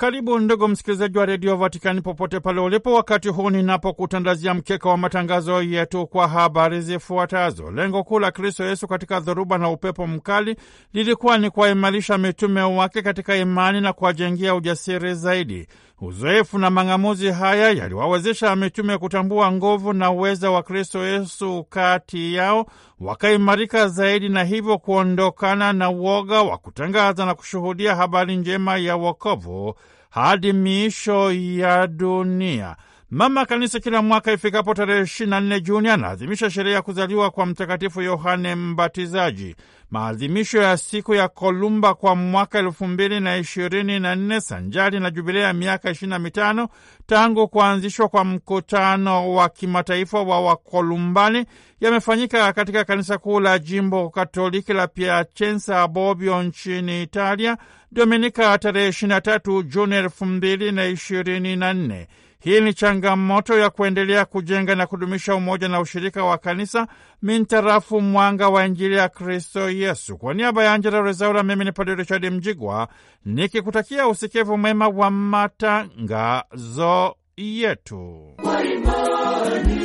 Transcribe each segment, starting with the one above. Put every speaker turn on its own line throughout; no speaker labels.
Karibu ndugu msikilizaji wa redio Vatikani popote pale ulipo, wakati huu ninapokutandazia mkeka wa matangazo yetu kwa habari zifuatazo. Lengo kuu la Kristo Yesu katika dhoruba na upepo mkali lilikuwa ni kuwaimarisha mitume wake katika imani na kuwajengia ujasiri zaidi. Uzoefu na mang'amuzi haya yaliwawezesha mitume kutambua nguvu na uweza wa Kristo Yesu kati yao, wakaimarika zaidi na hivyo kuondokana na uoga wa kutangaza na kushuhudia habari njema ya wokovu hadi miisho ya dunia. Mama Kanisa kila mwaka ifikapo tarehe 24 Juni anaadhimisha sherehe ya kuzaliwa kwa Mtakatifu Yohane Mbatizaji. Maadhimisho ya siku ya Kolumba kwa mwaka elfu mbili na ishirini na nne sanjari na jubilea ya miaka ishirini na mitano tangu kuanzishwa kwa mkutano wa kimataifa wa Wakolumbani yamefanyika katika kanisa kuu la jimbo Katoliki la Piacenza Bobbio nchini Italia, Dominika tarehe 23 Juni elfu mbili na ishirini na nne. Hii ni changamoto ya kuendelea kujenga na kudumisha umoja na ushirika wa kanisa mintarafu mwanga wa Injili ya Kristo Yesu. Kwa niaba ya Angela Rezaura, mimi ni Padre Richard Mjigwa nikikutakia usikivu mwema wa matangazo yetu.
Kwa imani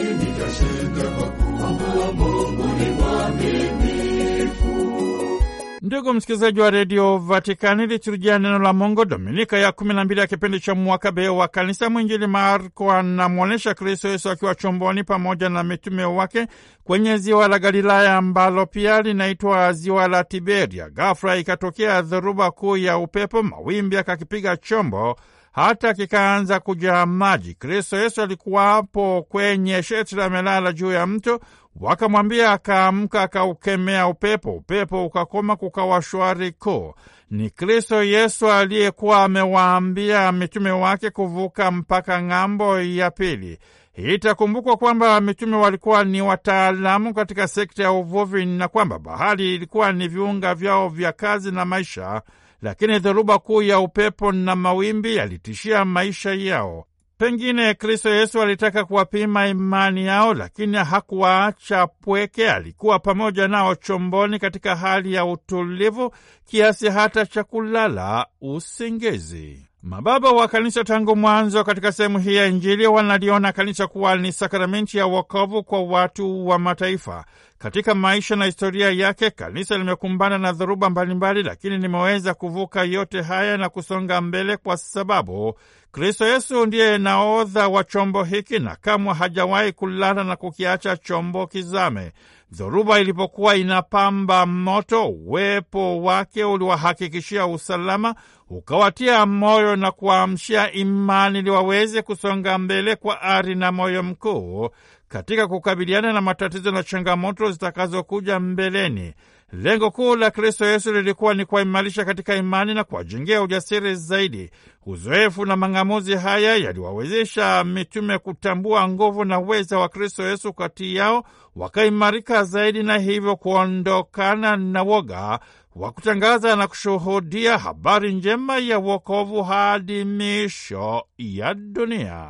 Ndugu msikilizaji wa redio Vatikani, liturujia neno la Mungu dominika ya kumi na mbili ya kipindi cha mwaka B wa kanisa, mwinjili Marko anamwonyesha Kristo Yesu akiwa chomboni pamoja na mitume wake kwenye ziwa la Galilaya ambalo pia linaitwa ziwa la Tiberia. Ghafla ikatokea dhoruba kuu ya upepo, mawimbi akakipiga chombo hata kikaanza kujaa maji. Kristo Yesu alikuwapo kwenye sheti la melala juu ya mto Wakamwambia akaamka, akaukemea upepo, upepo ukakoma, kukawa shwari ko. Ni Kristo Yesu aliyekuwa amewaambia mitume wake kuvuka mpaka ng'ambo ya pili. Itakumbukwa kwamba mitume walikuwa ni wataalamu katika sekta ya uvuvi na kwamba bahari ilikuwa ni viunga vyao vya kazi na maisha, lakini dhoruba kuu ya upepo na mawimbi yalitishia maisha yao. Pengine Kristo Yesu alitaka kuwapima imani yao, lakini hakuwaacha pweke. Alikuwa pamoja nao chomboni katika hali ya utulivu kiasi hata cha kulala usingizi. Mababa wa Kanisa tangu mwanzo katika sehemu hii ya Injili wanaliona Kanisa kuwa ni sakramenti ya wokovu kwa watu wa mataifa. Katika maisha na historia yake, Kanisa limekumbana na dhoruba mbalimbali, lakini limeweza kuvuka yote haya na kusonga mbele kwa sababu Kristo Yesu ndiye naodha wa chombo hiki na kamwe hajawahi kulala na kukiacha chombo kizame. Dhoruba ilipokuwa inapamba moto, uwepo wake uliwahakikishia usalama, ukawatia moyo na kuwaamshia imani ili waweze kusonga mbele kwa ari na moyo mkuu katika kukabiliana na matatizo na changamoto zitakazokuja mbeleni. Lengo kuu la Kristo Yesu lilikuwa ni kuwaimarisha katika imani na kuwajengea ujasiri zaidi. Uzoefu na mang'amuzi haya yaliwawezesha mitume kutambua nguvu na uweza wa Kristo Yesu kati yao, wakaimarika zaidi na hivyo kuondokana na woga wa kutangaza na kushuhudia habari njema ya wokovu hadi misho ya dunia.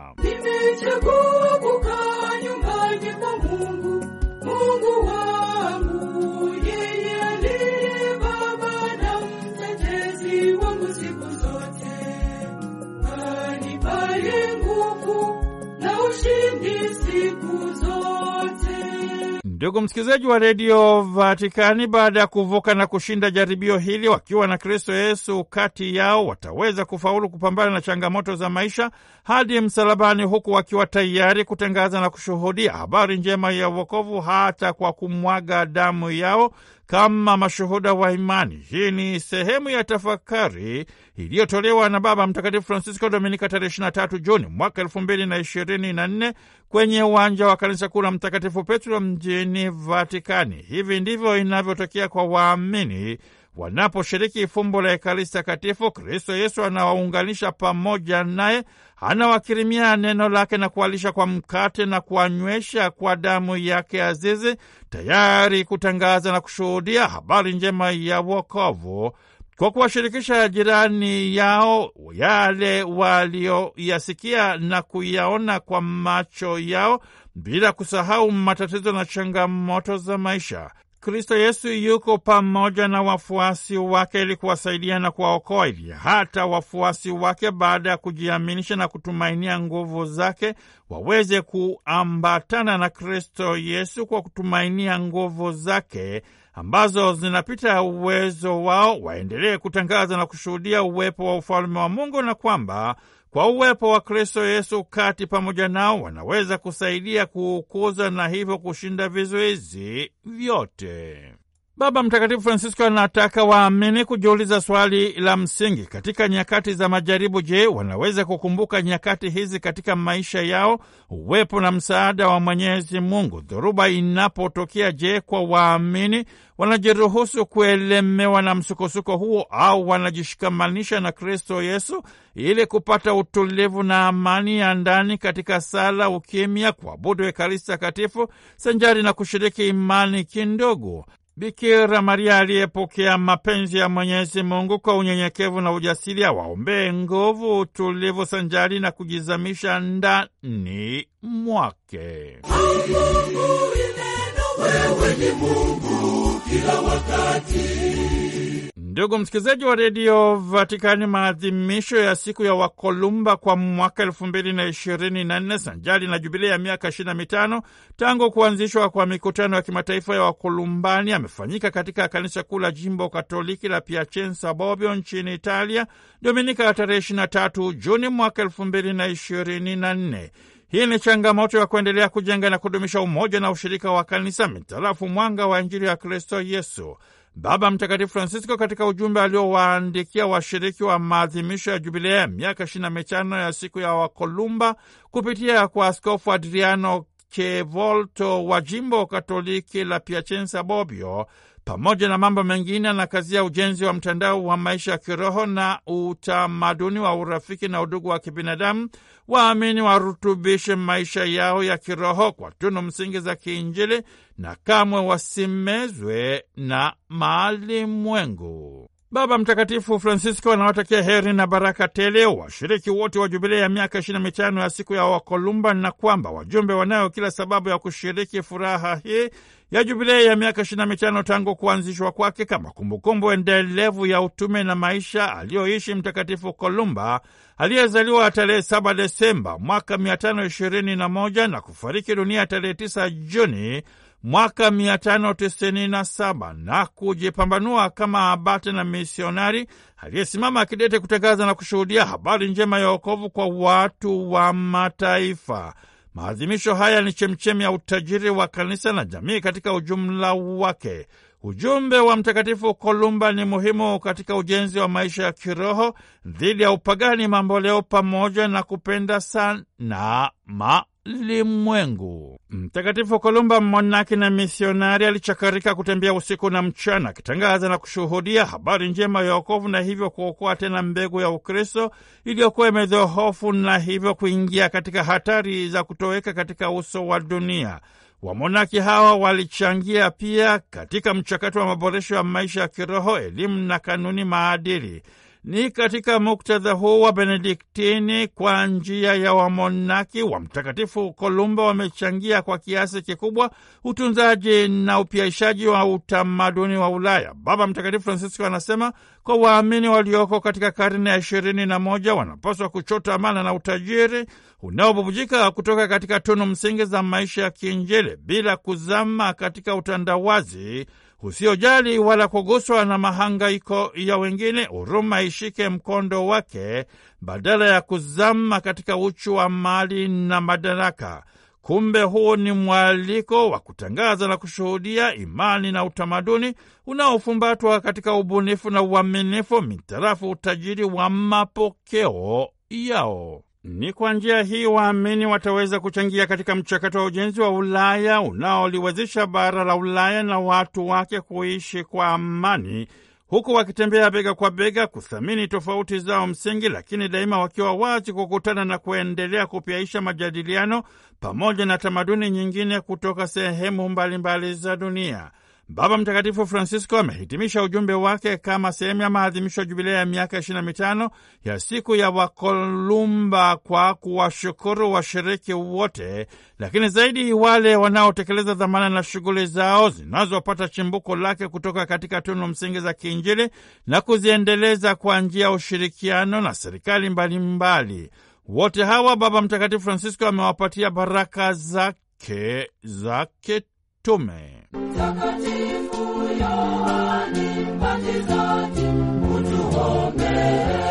Ndugu msikilizaji wa redio Vatikani, baada ya kuvuka na kushinda jaribio hili, wakiwa na Kristo Yesu kati yao, wataweza kufaulu kupambana na changamoto za maisha hadi msalabani, huku wakiwa tayari kutangaza na kushuhudia habari njema ya uokovu hata kwa kumwaga damu yao kama mashuhuda wa imani. Hii ni sehemu ya tafakari iliyotolewa na Baba Mtakatifu Francisco Dominika tarehe 23 Juni mwaka 2024 kwenye uwanja wa kanisa kuu la Mtakatifu Petro mjini Vatikani. Hivi ndivyo inavyotokea kwa waamini wanaposhiriki fumbo la Ekaristi Takatifu. Kristo Yesu anawaunganisha pamoja naye, anawakirimia neno lake na kuwalisha kwa mkate na kuwanywesha kwa damu yake azizi, tayari kutangaza na kushuhudia habari njema ya wokovu kwa kuwashirikisha jirani yao yale walioyasikia na kuyaona kwa macho yao bila kusahau matatizo na changamoto za maisha. Kristo Yesu yuko pamoja na wafuasi wake ili kuwasaidia na kuwaokoa, ili hata wafuasi wake baada ya kujiaminisha na kutumainia nguvu zake waweze kuambatana na Kristo Yesu kwa kutumainia nguvu zake ambazo zinapita uwezo wao, waendelee kutangaza na kushuhudia uwepo wa ufalme wa Mungu na kwamba kwa uwepo wa Kristo Yesu kati pamoja nao wanaweza kusaidia kuukuza na hivyo kushinda vizuizi
vyote.
Baba Mtakatifu Francisco anataka waamini kujiuliza swali la msingi katika nyakati za majaribu. Je, wanaweza kukumbuka nyakati hizi katika maisha yao? Uwepo na msaada wa Mwenyezi Mungu dhoruba inapotokea, je, kwa waamini wanajiruhusu kuelemewa na msukosuko huo au wanajishikamanisha na Kristo Yesu ili kupata utulivu na amani ya ndani katika sala, ukimya, kuabudu Ekaristi Takatifu sanjari na kushiriki imani kindogo. Bikira Maria aliyepokea mapenzi ya Mwenyezi Mungu kwa unyenyekevu na ujasiri, awaombee nguvu, utulivu sanjari na kujizamisha ndani mwake.
Wewe ni Mungu kila wakati
Ndugu msikilizaji wa redio Vatikani, maadhimisho ya siku ya Wakolumba kwa mwaka elfu mbili na ishirini na nne sanjali na jubilia ya miaka ishirini na mitano tangu kuanzishwa kwa mikutano ya kimataifa ya Wakolumbani amefanyika katika kanisa kuu la jimbo katoliki la Piacenza Bobbio nchini Italia, Dominika ya tarehe ishirini na tatu Juni mwaka elfu mbili na ishirini na nne. Hii ni changamoto ya kuendelea kujenga na kudumisha umoja na ushirika wa kanisa mitarafu mwanga wa Injili ya Kristo Yesu. Baba Mtakatifu Francisco katika ujumbe aliowaandikia washiriki wa maadhimisho ya jubilea ya miaka ishirini na mitano ya siku ya Wakolumba kupitia kwa Askofu Adriano kevolto wa jimbo Katoliki la Piacenza Bobbio pamoja na mambo mengine, anakazia ujenzi wa mtandao wa maisha ya kiroho na utamaduni wa urafiki na udugu wa kibinadamu, waamini warutubishe maisha yao ya kiroho kwa tunu msingi za kiinjili na kamwe wasimezwe na maalimwengu. Baba Mtakatifu Francisco anawatakia heri na baraka tele washiriki wote wa jubilei ya miaka ishirini na mitano ya siku ya Wakolumba, na kwamba wajumbe wanayo kila sababu ya kushiriki furaha hii ya jubilei ya miaka ishirini na mitano tangu kuanzishwa kwake kama kumbukumbu endelevu ya utume na maisha aliyoishi Mtakatifu Kolumba aliyezaliwa tarehe 7 Desemba mwaka 521 na kufariki dunia tarehe 9 Juni mwaka 597 na kujipambanua kama abate na misionari aliyesimama kidete kutangaza na kushuhudia habari njema ya wokovu kwa watu wa mataifa. Maadhimisho haya ni chemchemi ya utajiri wa kanisa na jamii katika ujumla wake. Ujumbe wa Mtakatifu Kolumba ni muhimu katika ujenzi wa maisha ya kiroho dhidi ya upagani mamboleo, pamoja na kupenda sana mema ulimwengu. Mtakatifu Kolumba, monaki na misionari, alichakarika kutembea usiku na mchana, akitangaza na kushuhudia habari njema ya wokovu, na hivyo kuokoa tena mbegu ya Ukristo iliyokuwa imedhohofu na hivyo kuingia katika hatari za kutoweka katika uso wa dunia. Wamonaki hawa walichangia pia katika mchakato wa maboresho ya maisha ya kiroho, elimu na kanuni maadili. Ni katika muktadha huu wa Benediktini kwa njia ya wamonaki wa Mtakatifu Kolumba wamechangia kwa kiasi kikubwa utunzaji na upiaishaji wa utamaduni wa Ulaya. Baba Mtakatifu Francisco anasema kwa waamini walioko katika karne ya ishirini na moja wanapaswa kuchota mana na utajiri unaobubujika kutoka katika tunu msingi za maisha ya kiinjili bila kuzama katika utandawazi usiojali wala kuguswa na mahangaiko ya wengine. Huruma ishike mkondo wake badala ya kuzama katika uchu wa mali na madaraka. Kumbe huu ni mwaliko wa kutangaza na kushuhudia imani na utamaduni unaofumbatwa katika ubunifu na uaminifu mitarafu utajiri wa mapokeo yao. Ni kwa njia hii waamini wataweza kuchangia katika mchakato wa ujenzi wa Ulaya unaoliwezesha bara la Ulaya na watu wake kuishi kwa amani, huku wakitembea bega kwa bega, kuthamini tofauti zao msingi, lakini daima wakiwa wazi kukutana na kuendelea kupiaisha majadiliano pamoja na tamaduni nyingine kutoka sehemu mbalimbali za dunia. Baba Mtakatifu Francisco amehitimisha ujumbe wake kama sehemu ya maadhimisho ya jubilea ya miaka 25 ya siku ya Wakolumba kwa kuwashukuru washiriki wote, lakini zaidi wale wanaotekeleza dhamana na shughuli zao zinazopata chimbuko lake kutoka katika tunu msingi za kiinjili na kuziendeleza kwa njia ya ushirikiano na serikali mbalimbali. Wote hawa Baba Mtakatifu Francisco amewapatia baraka zake zake mitume.
Mtakatifu Yohane Mbatizaji, utuombee.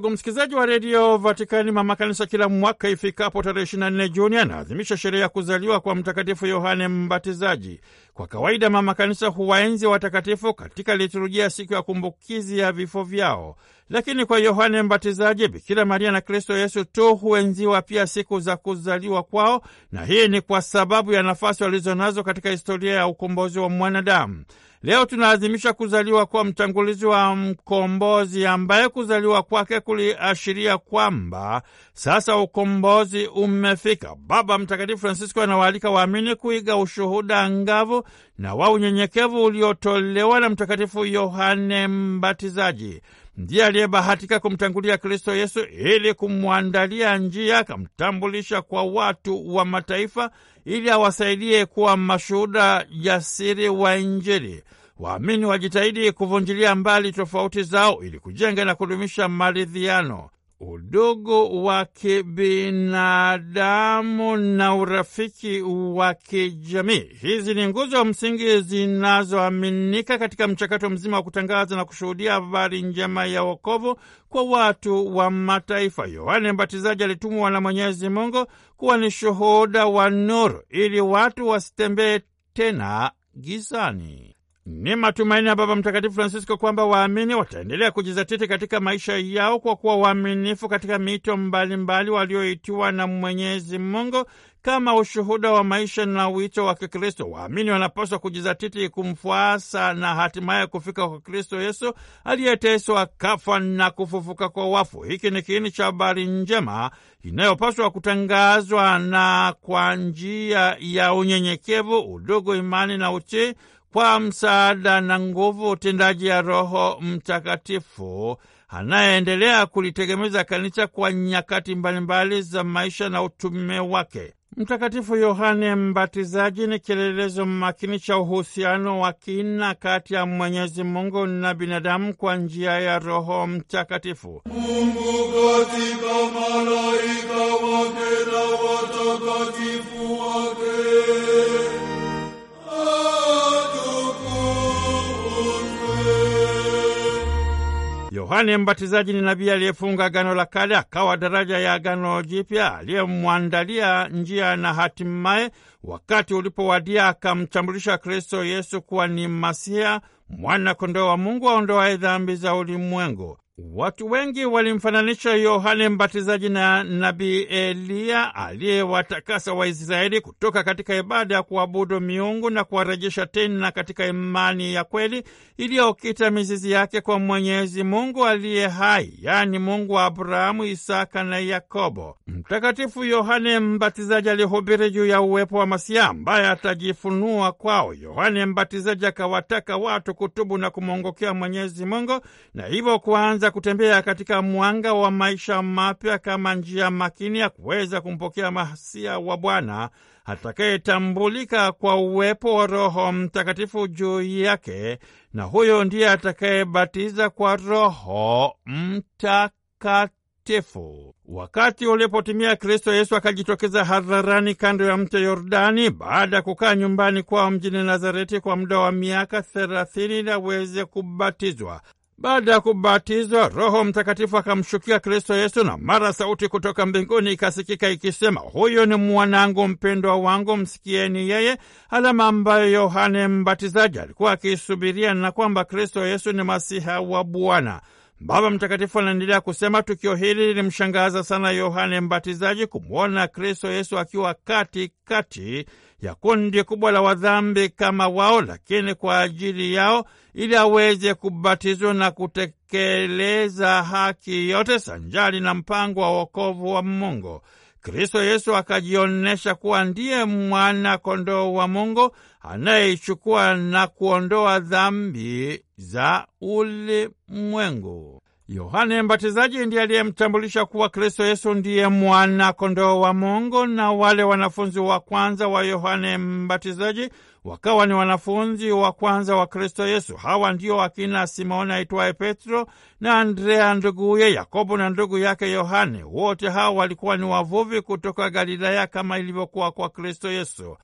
Ndugu msikilizaji wa redio Vatikani, mama kanisa kila mwaka ifikapo tarehe 24 Juni anaadhimisha sherehe ya kuzaliwa kwa Mtakatifu Yohane Mbatizaji. Kwa kawaida, mama kanisa huwaenzi watakatifu katika liturujia siku ya kumbukizi ya vifo vyao, lakini kwa Yohane Mbatizaji, Bikira Maria na Kristo Yesu tu huenziwa pia siku za kuzaliwa kwao, na hii ni kwa sababu ya nafasi walizonazo katika historia ya ukombozi wa mwanadamu. Leo tunaadhimisha kuzaliwa kwa mtangulizi wa mkombozi ambaye kuzaliwa kwake kuliashiria kwamba sasa ukombozi umefika. Baba Mtakatifu Francisco anawaalika waamini kuiga ushuhuda ngavu na wa unyenyekevu uliotolewa na Mtakatifu Yohane Mbatizaji. Ndiye aliyebahatika kumtangulia Kristo Yesu ili kumwandalia njia, akamtambulisha kwa watu wa mataifa ili awasaidie kuwa mashuhuda jasiri wa Injili. Waamini wajitahidi kuvunjilia mbali tofauti zao ili kujenga na kudumisha maridhiano udogo wa kibinadamu na urafiki wa kijamii. Hizi ni nguzo msingi zinazoaminika katika mchakato mzima wa kutangaza na kushuhudia habari njema ya wokovu kwa watu wa mataifa. Yohane Mbatizaji alitumwa na Mwenyezi Mungu kuwa ni shuhuda wa nuru, ili watu wasitembee tena gizani. Ni matumaini ya Baba Mtakatifu Francisco kwamba waamini wataendelea kujizatiti katika maisha yao kwa kuwa waaminifu katika mito mbalimbali walioitiwa na Mwenyezi Mungu kama ushuhuda wa maisha na wito wa Kikristo. Waamini wanapaswa kujizatiti kumfuasa na hatimaye kufika kwa Kristo Yesu aliyeteswa, kafa na kufufuka kwa wafu. Hiki ni kiini cha habari njema inayopaswa kutangazwa na kwa njia ya unyenyekevu, udugu, imani na utii kwa msaada na nguvu utendaji ya Roho Mtakatifu anayeendelea kulitegemeza kanisa kwa nyakati mbalimbali za maisha na utume wake. Mtakatifu Yohane Mbatizaji ni kielelezo makini cha uhusiano wa kina kati ya Mwenyezi Mungu na binadamu kwa njia ya Roho Mtakatifu.
Mungu katika malaika wake na watakatifu
Yohane Mbatizaji ni nabii aliyefunga Agano la Kale, akawa daraja ya Agano Jipya, aliyemwandalia njia na hatimaye wakati ulipowadia akamtambulisha Kristo Yesu kuwa ni Masiha, mwana kondoo wa Mungu aondoaye dhambi za ulimwengu. Watu wengi walimfananisha Yohane Mbatizaji na nabii Eliya aliyewatakasa Waisraeli kutoka katika ibada ya kuabudu miungu na kuwarejesha tena katika imani ya kweli iliyokita mizizi yake kwa Mwenyezi Mungu aliye hai, yaani Mungu wa Abrahamu, Isaka na Yakobo. Mtakatifu Yohane Mbatizaji alihubiri juu ya uwepo wa Masiya ambaye atajifunua kwao. Yohane Mbatizaji akawataka watu kutubu na kumwongokea Mwenyezi Mungu na hivyo kuanza alianza kutembea katika mwanga wa maisha mapya kama njia makini ya kuweza kumpokea mahasia wa Bwana atakayetambulika kwa uwepo wa Roho Mtakatifu juu yake, na huyo ndiye atakayebatiza kwa Roho Mtakatifu. Wakati ulipotimia, Kristo Yesu akajitokeza hadharani kando ya mto Yordani baada ya kukaa nyumbani kwao mjini Nazareti kwa muda wa miaka thelathini ili aweze kubatizwa. Baada ya kubatizwa, Roho Mtakatifu akamshukia Kristo Yesu, na mara sauti kutoka mbinguni ikasikika ikisema, huyu ni mwanangu mpendwa wangu, msikieni yeye, alama ambayo Yohane Mbatizaji alikuwa akiisubiria na kwamba Kristo Yesu ni masiha wa Bwana. Baba Mtakatifu anaendelea kusema tukio hili lilimshangaza sana Yohane Mbatizaji kumwona Kristo Yesu akiwa katikati kati ya kundi kubwa la wadhambi kama wao, lakini kwa ajili yao, ili aweze kubatizwa na kutekeleza haki yote sanjali na mpango wa wokovu wa Mungu. Kristo Yesu akajionyesha kuwa ndiye mwana kondoo wa Mungu anayeichukua na kuondoa dhambi za ulimwengu. Yohane Mbatizaji ndiye aliyemtambulisha kuwa Kristo Yesu ndiye mwana kondoo wa Mungu, na wale wanafunzi wa kwanza wa Yohane Mbatizaji wakawa ni wanafunzi wa kwanza wa Kristo Yesu. Hawa ndio akina Simoni aitwaye Petro na Andrea nduguye, Yakobo na ndugu yake Yohane. Wote hawa walikuwa ni wavuvi kutoka Galilaya kama ilivyokuwa kwa Kristo Yesu.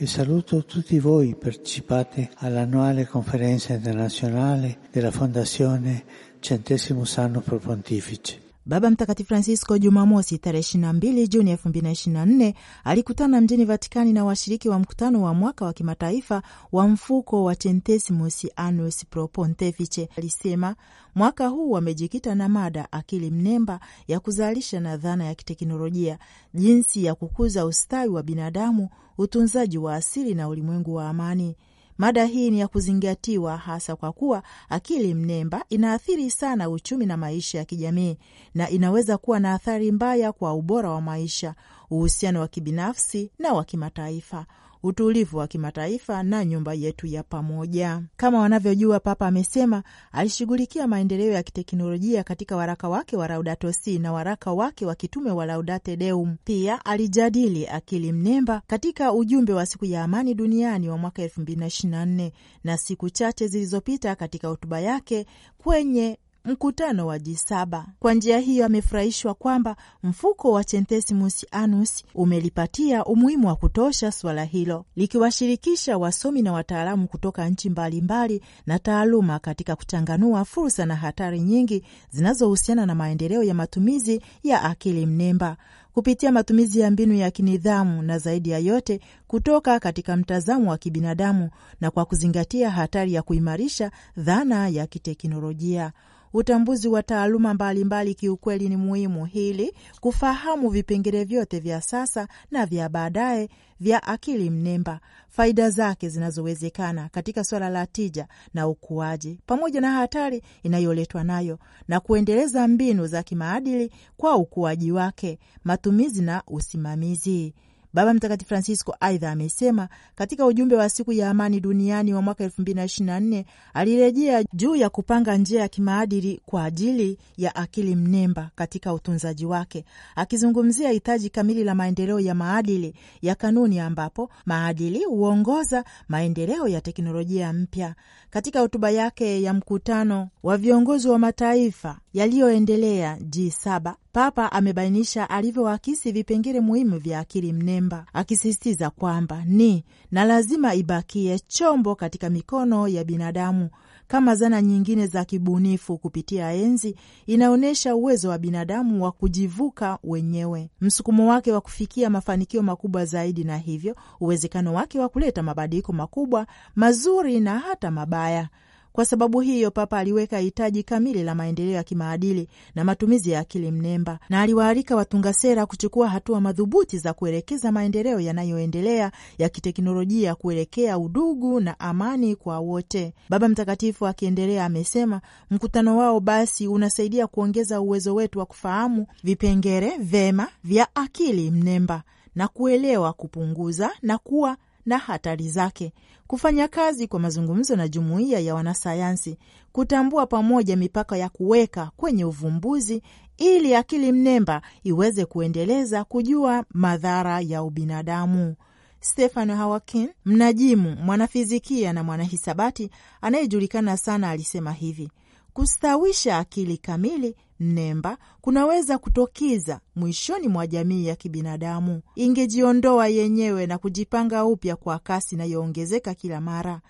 E saluto tutti voi partecipate all'annuale conferenza internazionale della Fondazione Centesimus Anno Pro Pontifice. Baba Mtakatifu Francisco Jumamosi tarehe 22 Juni 2024 alikutana mjini Vatikani na washiriki wa mkutano wa mwaka wa kimataifa wa mfuko wa Centesimus Annus Pro Pontifice. Alisema mwaka huu wamejikita na mada akili mnemba ya kuzalisha na dhana ya kiteknolojia, jinsi ya kukuza ustawi wa binadamu, utunzaji wa asili na ulimwengu wa amani. Mada hii ni ya kuzingatiwa hasa kwa kuwa akili mnemba inaathiri sana uchumi na maisha ya kijamii na inaweza kuwa na athari mbaya kwa ubora wa maisha, uhusiano wa kibinafsi na wa kimataifa, utulivu wa kimataifa na nyumba yetu ya pamoja. Kama wanavyojua, Papa amesema alishughulikia maendeleo ya kiteknolojia katika waraka wake wa Laudato Si na waraka wake wa kitume wa Laudate Deum. Pia alijadili akili mnemba katika ujumbe wa siku ya amani duniani wa mwaka 2024 na siku chache zilizopita katika hotuba yake kwenye mkutano wa G7. Kwa njia hiyo amefurahishwa kwamba mfuko wa Centesimus Annus umelipatia umuhimu wa kutosha suala hilo, likiwashirikisha wasomi na wataalamu kutoka nchi mbalimbali na taaluma katika kuchanganua fursa na hatari nyingi zinazohusiana na maendeleo ya matumizi ya akili mnemba kupitia matumizi ya mbinu ya kinidhamu na zaidi ya yote kutoka katika mtazamo wa kibinadamu na kwa kuzingatia hatari ya kuimarisha dhana ya kiteknolojia. Utambuzi wa taaluma mbalimbali kiukweli ni muhimu hili kufahamu vipengele vyote vya sasa na vya baadaye vya akili mnemba, faida zake zinazowezekana katika swala la tija na ukuaji, pamoja na hatari inayoletwa nayo, na kuendeleza mbinu za kimaadili kwa ukuaji wake, matumizi na usimamizi. Baba Mtakatifu Francisco aidha amesema katika ujumbe wa siku ya amani duniani wa mwaka 2024 alirejea juu ya kupanga njia ya kimaadili kwa ajili ya akili mnemba katika utunzaji wake, akizungumzia hitaji kamili la maendeleo ya maadili ya kanuni, ambapo maadili huongoza maendeleo ya teknolojia mpya. Katika hotuba yake ya mkutano wa viongozi wa mataifa yaliyoendelea G7, Papa amebainisha alivyoakisi vipengele muhimu vya akili mnemba, akisisitiza kwamba ni na lazima ibakie chombo katika mikono ya binadamu kama zana nyingine za kibunifu kupitia enzi inaonyesha uwezo wa binadamu wa kujivuka wenyewe, msukumo wake wa kufikia mafanikio makubwa zaidi, na hivyo uwezekano wake wa kuleta mabadiliko makubwa mazuri na hata mabaya kwa sababu hiyo, Papa aliweka hitaji kamili la maendeleo ya kimaadili na matumizi ya akili mnemba, na aliwaalika watunga sera kuchukua hatua madhubuti za kuelekeza maendeleo yanayoendelea ya kiteknolojia kuelekea udugu na amani kwa wote. Baba Mtakatifu akiendelea amesema, mkutano wao basi unasaidia kuongeza uwezo wetu wa kufahamu vipengere vema vya akili mnemba na kuelewa, kupunguza na kuwa na hatari zake, kufanya kazi kwa mazungumzo na jumuiya ya wanasayansi, kutambua pamoja mipaka ya kuweka kwenye uvumbuzi ili akili mnemba iweze kuendeleza kujua madhara ya ubinadamu. Stefano Hawakin, mnajimu, mwanafizikia na mwanahisabati anayejulikana sana, alisema hivi: kustawisha akili kamili mnemba kunaweza kutokiza mwishoni mwa jamii ya kibinadamu. Ingejiondoa yenyewe na kujipanga upya kwa kasi inayoongezeka kila mara.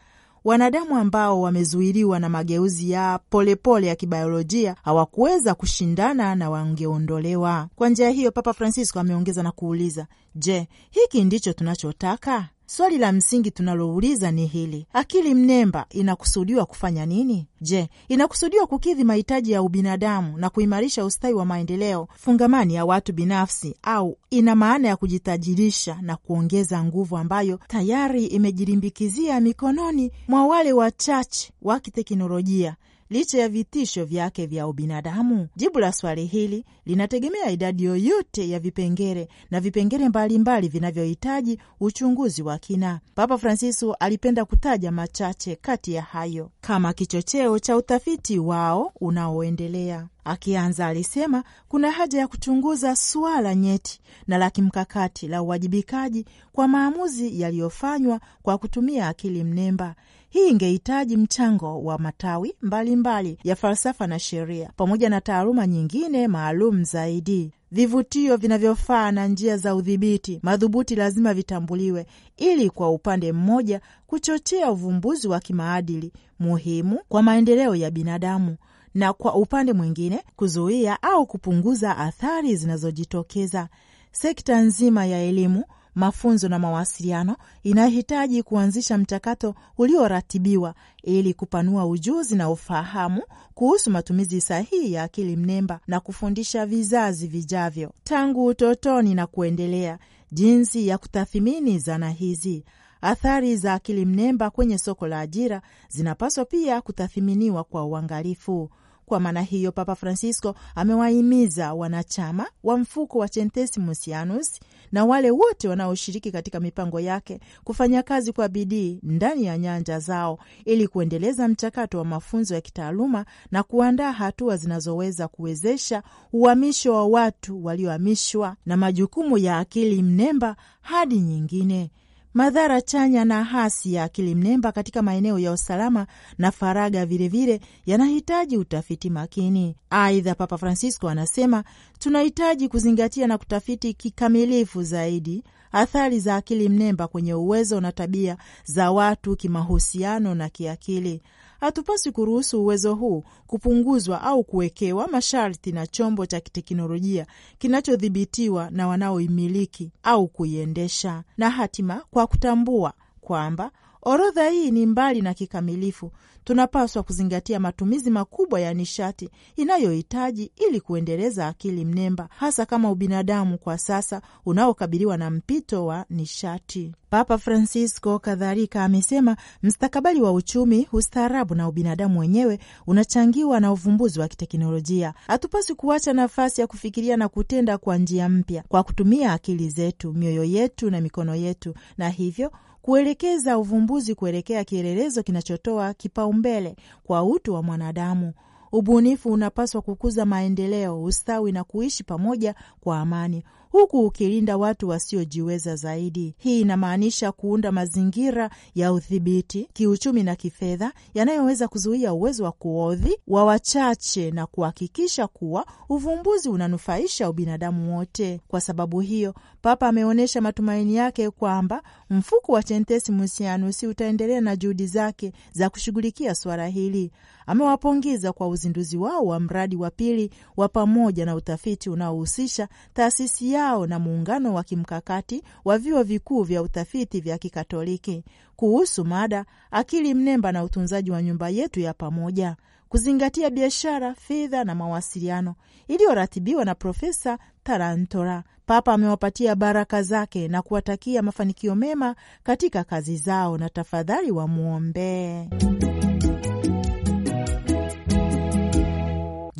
Wanadamu ambao wamezuiliwa na mageuzi ya polepole ya kibiolojia hawakuweza kushindana na wangeondolewa. Kwa njia hiyo, Papa Francisco ameongeza na kuuliza, je, hiki ndicho tunachotaka? Swali la msingi tunalouliza ni hili: akili mnemba inakusudiwa kufanya nini? Je, inakusudiwa kukidhi mahitaji ya ubinadamu na kuimarisha ustawi wa maendeleo fungamani ya watu binafsi, au ina maana ya kujitajirisha na kuongeza nguvu ambayo tayari imejirimbikizia mikononi mwa wale wachache wa kiteknolojia licha ya vitisho vyake vya ubinadamu? Jibu la swali hili linategemea idadi yoyote ya vipengere na vipengere mbalimbali vinavyohitaji uchunguzi wa kina. Papa Francisko alipenda kutaja machache kati ya hayo kama kichocheo cha utafiti wao unaoendelea. Akianza alisema kuna haja ya kuchunguza suala nyeti na la kimkakati la uwajibikaji kwa maamuzi yaliyofanywa kwa kutumia akili mnemba. Hii ingehitaji mchango wa matawi mbalimbali mbali ya falsafa na sheria pamoja na taaluma nyingine maalum zaidi. Vivutio vinavyofaa na njia za udhibiti madhubuti lazima vitambuliwe, ili kwa upande mmoja kuchochea uvumbuzi wa kimaadili muhimu kwa maendeleo ya binadamu na kwa upande mwingine kuzuia au kupunguza athari zinazojitokeza. Sekta nzima ya elimu, mafunzo na mawasiliano inahitaji kuanzisha mchakato ulioratibiwa ili kupanua ujuzi na ufahamu kuhusu matumizi sahihi ya akili mnemba na kufundisha vizazi vijavyo tangu utotoni na kuendelea jinsi ya kutathimini zana hizi. Athari za akili mnemba kwenye soko la ajira zinapaswa pia kutathiminiwa kwa uangalifu. Kwa maana hiyo, Papa Francisco amewahimiza wanachama wa mfuko wa Centesimus Annus na wale wote wanaoshiriki katika mipango yake kufanya kazi kwa bidii ndani ya nyanja zao ili kuendeleza mchakato wa mafunzo ya kitaaluma na kuandaa hatua zinazoweza kuwezesha uhamisho wa watu waliohamishwa na majukumu ya akili mnemba hadi nyingine madhara chanya na hasi ya akili mnemba katika maeneo ya usalama na faraga vilevile yanahitaji utafiti makini. Aidha, Papa Francisco anasema tunahitaji kuzingatia na kutafiti kikamilifu zaidi athari za akili mnemba kwenye uwezo na tabia za watu kimahusiano na kiakili. Hatupaswi kuruhusu uwezo huu kupunguzwa au kuwekewa masharti na chombo cha kiteknolojia kinachodhibitiwa na wanaoimiliki au kuiendesha, na hatima kwa kutambua kwamba Orodha hii ni mbali na kikamilifu. Tunapaswa kuzingatia matumizi makubwa ya nishati inayohitaji ili kuendeleza akili mnemba, hasa kama ubinadamu kwa sasa unaokabiliwa na mpito wa nishati. Papa Francisco kadhalika amesema mstakabali wa uchumi, ustaarabu na ubinadamu wenyewe unachangiwa na uvumbuzi wa kiteknolojia. Hatupaswi kuacha nafasi ya kufikiria na kutenda kwa njia mpya kwa kutumia akili zetu, mioyo yetu na mikono yetu, na hivyo kuelekeza uvumbuzi kuelekea kielelezo kinachotoa kipaumbele kwa utu wa mwanadamu. Ubunifu unapaswa kukuza maendeleo, ustawi na kuishi pamoja kwa amani, huku ukilinda watu wasiojiweza zaidi. Hii inamaanisha kuunda mazingira ya udhibiti kiuchumi na kifedha yanayoweza kuzuia uwezo wa kuodhi wa wachache na kuhakikisha kuwa uvumbuzi unanufaisha ubinadamu wote. Kwa sababu hiyo, Papa ameonyesha matumaini yake kwamba mfuko wa chentesi Misianusi utaendelea na juhudi zake za kushughulikia suala hili. Amewapongeza kwa uzinduzi wao wa mradi wa pili wa pamoja na utafiti unaohusisha taasisi yao na muungano wa kimkakati wa vyuo vikuu vya utafiti vya Kikatoliki kuhusu mada akili mnemba na utunzaji wa nyumba yetu ya pamoja, kuzingatia biashara, fedha na mawasiliano, iliyoratibiwa na Profesa Tarantora. Papa amewapatia baraka zake na kuwatakia mafanikio mema katika kazi zao, na tafadhali wamwombee.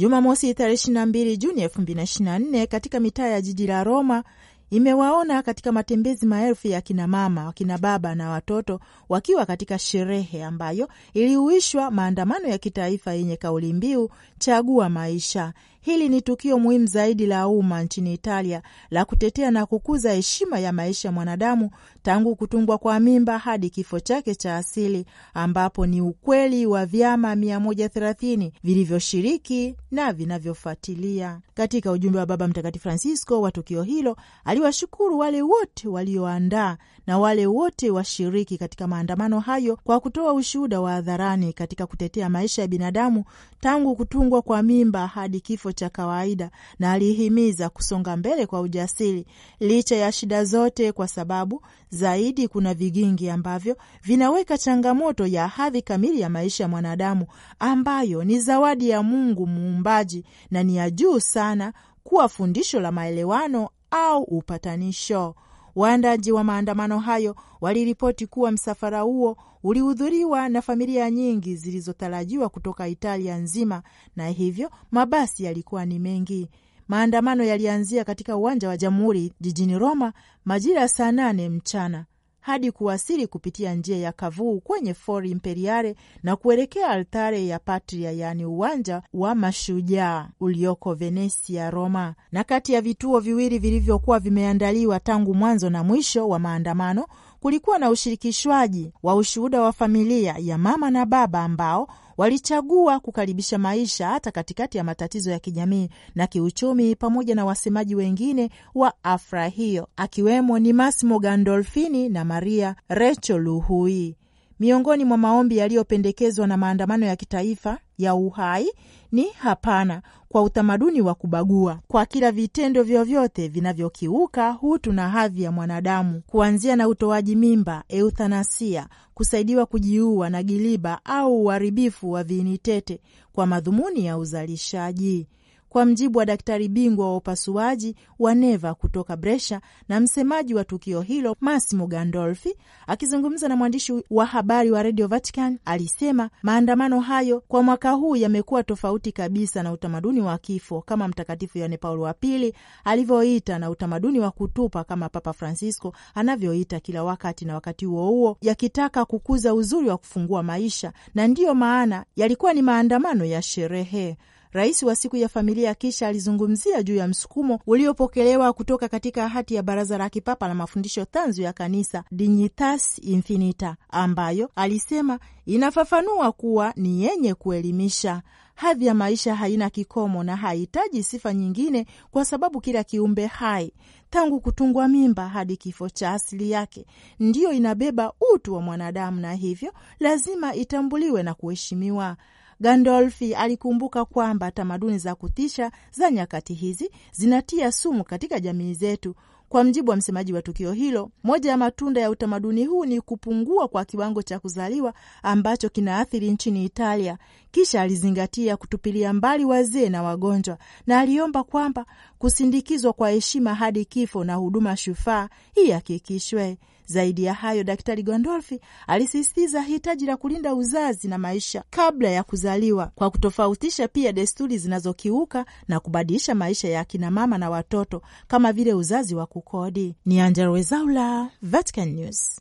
Jumamosi tarehe 22 Juni 2024 katika mitaa ya jiji la Roma imewaona katika matembezi maelfu ya kina mama, wakina baba na watoto wakiwa katika sherehe ambayo iliuishwa maandamano ya kitaifa yenye kauli mbiu chagua maisha Hili ni tukio muhimu zaidi la umma nchini Italia la kutetea na kukuza heshima ya maisha ya mwanadamu tangu kutungwa kwa mimba hadi kifo chake cha asili, ambapo ni ukweli wa vyama 130 vilivyoshiriki na vinavyofuatilia. Katika ujumbe wa Baba Mtakatifu Francisco wa tukio hilo, aliwashukuru wale wote walioandaa na wale wote washiriki katika maandamano hayo kwa kutoa ushuhuda wa hadharani katika kutetea maisha ya binadamu tangu kutungwa kwa mimba hadi kifo kifo cha kawaida, na alihimiza kusonga mbele kwa ujasiri licha ya shida zote, kwa sababu zaidi kuna vigingi ambavyo vinaweka changamoto ya hadhi kamili ya maisha ya mwanadamu ambayo ni zawadi ya Mungu muumbaji na ni ya juu sana kuwa fundisho la maelewano au upatanisho. Waandaji wa maandamano hayo waliripoti kuwa msafara huo ulihudhuriwa na familia nyingi zilizotarajiwa kutoka Italia nzima na hivyo mabasi yalikuwa ni mengi. Maandamano yalianzia katika uwanja wa Jamhuri jijini Roma majira ya saa nane mchana hadi kuwasili kupitia njia ya kavuu kwenye Fori Imperiale na kuelekea altare ya Patria, yaani uwanja wa mashujaa ulioko Venesia, Roma. Na kati ya vituo viwili vilivyokuwa vimeandaliwa tangu mwanzo na mwisho wa maandamano kulikuwa na ushirikishwaji wa ushuhuda wa familia ya mama na baba ambao Walichagua kukaribisha maisha hata katikati ya matatizo ya kijamii na kiuchumi, pamoja na wasemaji wengine wa afra hiyo, akiwemo ni masimo Gandolfini na Maria Recho Luhui. Miongoni mwa maombi yaliyopendekezwa na maandamano ya kitaifa ya uhai ni hapana kwa utamaduni wa kubagua, kwa kila vitendo vyovyote vinavyokiuka utu na hadhi ya mwanadamu, kuanzia na utoaji mimba, euthanasia, kusaidiwa kujiua na giliba au uharibifu wa viinitete kwa madhumuni ya uzalishaji kwa mjibu wa daktari bingwa wa upasuaji wa neva kutoka Brescia na msemaji wa tukio hilo Massimo Gandolfi, akizungumza na mwandishi wa habari wa Radio Vatican, alisema maandamano hayo kwa mwaka huu yamekuwa tofauti kabisa na utamaduni wa kifo kama Mtakatifu Yohane Paulo wa Pili alivyoita na utamaduni wa kutupa kama Papa Francisco anavyoita kila wakati, na wakati huo huo yakitaka kukuza uzuri wa kufungua maisha, na ndiyo maana yalikuwa ni maandamano ya sherehe. Rais wa siku ya familia kisha alizungumzia juu ya msukumo uliopokelewa kutoka katika hati ya Baraza la Kipapa la Mafundisho Tanzu ya Kanisa, Dignitas Infinita, ambayo alisema inafafanua kuwa ni yenye kuelimisha. Hadhi ya maisha haina kikomo na hahitaji sifa nyingine, kwa sababu kila kiumbe hai tangu kutungwa mimba hadi kifo cha asili yake ndiyo inabeba utu wa mwanadamu, na hivyo lazima itambuliwe na kuheshimiwa. Gandolfi alikumbuka kwamba tamaduni za kutisha za nyakati hizi zinatia sumu katika jamii zetu. Kwa mjibu wa msemaji wa tukio hilo, moja ya matunda ya utamaduni huu ni kupungua kwa kiwango cha kuzaliwa ambacho kinaathiri nchini Italia. Kisha alizingatia kutupilia mbali wazee na wagonjwa, na aliomba kwamba kusindikizwa kwa heshima hadi kifo na huduma shufaa ihakikishwe. Zaidi ya hayo, Daktari Gondolfi alisisitiza hitaji la kulinda uzazi na maisha kabla ya kuzaliwa kwa kutofautisha pia desturi zinazokiuka na kubadilisha maisha ya akinamama na watoto kama vile uzazi wa kukodi. Ni Angella Rwezaula, Vatican News.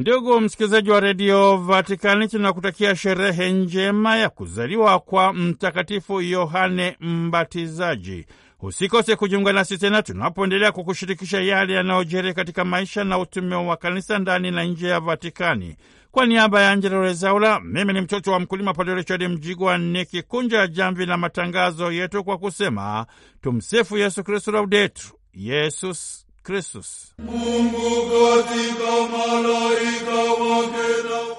Ndugu msikilizaji wa redio Vatikani, tunakutakia sherehe njema ya kuzaliwa kwa Mtakatifu Yohane Mbatizaji. Usikose kujiunga nasi tena tunapoendelea kukushirikisha yale yanayojiri katika maisha na utume wa kanisa ndani na nje ya Vatikani. Kwa niaba ya Angela Rezaula, mimi ni mtoto wa mkulima Padre Richard Mjigwa nikikunja jamvi la matangazo yetu kwa kusema tumsifu Yesu Kristu, laudetur Yesus Kristus.
Mungu katika malaika wake na